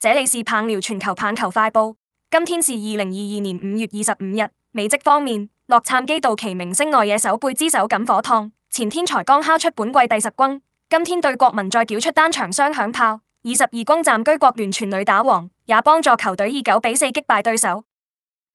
這裡是棒聊全球棒球快報，今天是二零二二年五月二十五日。美職方面，洛杉磯道奇明星外野手貝茲手感火燙，前天才剛敲出本季第十轟，今天對國民再繳出單場雙響炮，十二轟暫居國聯全壘打王，也幫助球隊以九比四擊敗對手。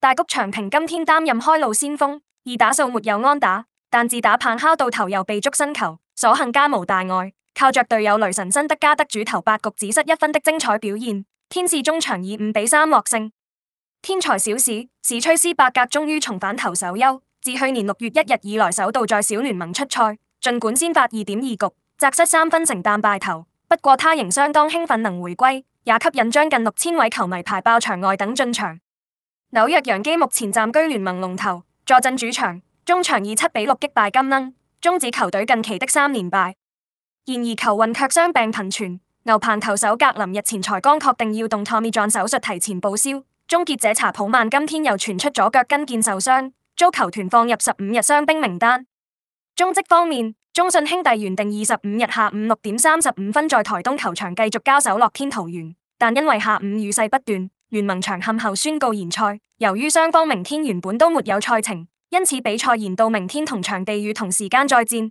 大谷翔平今天擔任開路先鋒，二打數沒有安打，但自打棒敲到頭又被觸身球，所幸家無大礙，靠着隊友雷神辛德加德主投八局只失一分的精彩表現。天使中場以五比三獲勝。天才小史史崔斯伯格終於重返投手丘，自去年六月一日以來首度在小聯盟出賽。儘管先發二點二局，摘失三分成但敗投，不過他仍相當興奮能回歸，也吸引將近六千位球迷排爆場外等進場。紐約洋基目前暫居聯盟龍頭，坐鎮主場，中場以七比六擊敗金恩，終止球隊近期的三連敗。然而球運卻傷病頻傳。牛棚球手格林日前才剛確定要動托米約翰手術，提前報銷。終結者查普曼今天又傳出左腳跟腱受傷，遭球團放入十五日傷兵名單。中職方面，中信兄弟原定二十五日下午六點三十五分在台東球場繼續交手樂天桃猿，但因為下午雨勢不斷，聯盟場勘後宣告延賽。由於雙方明天原本都沒有賽程，因此比賽延到明天同場地與同時間再戰。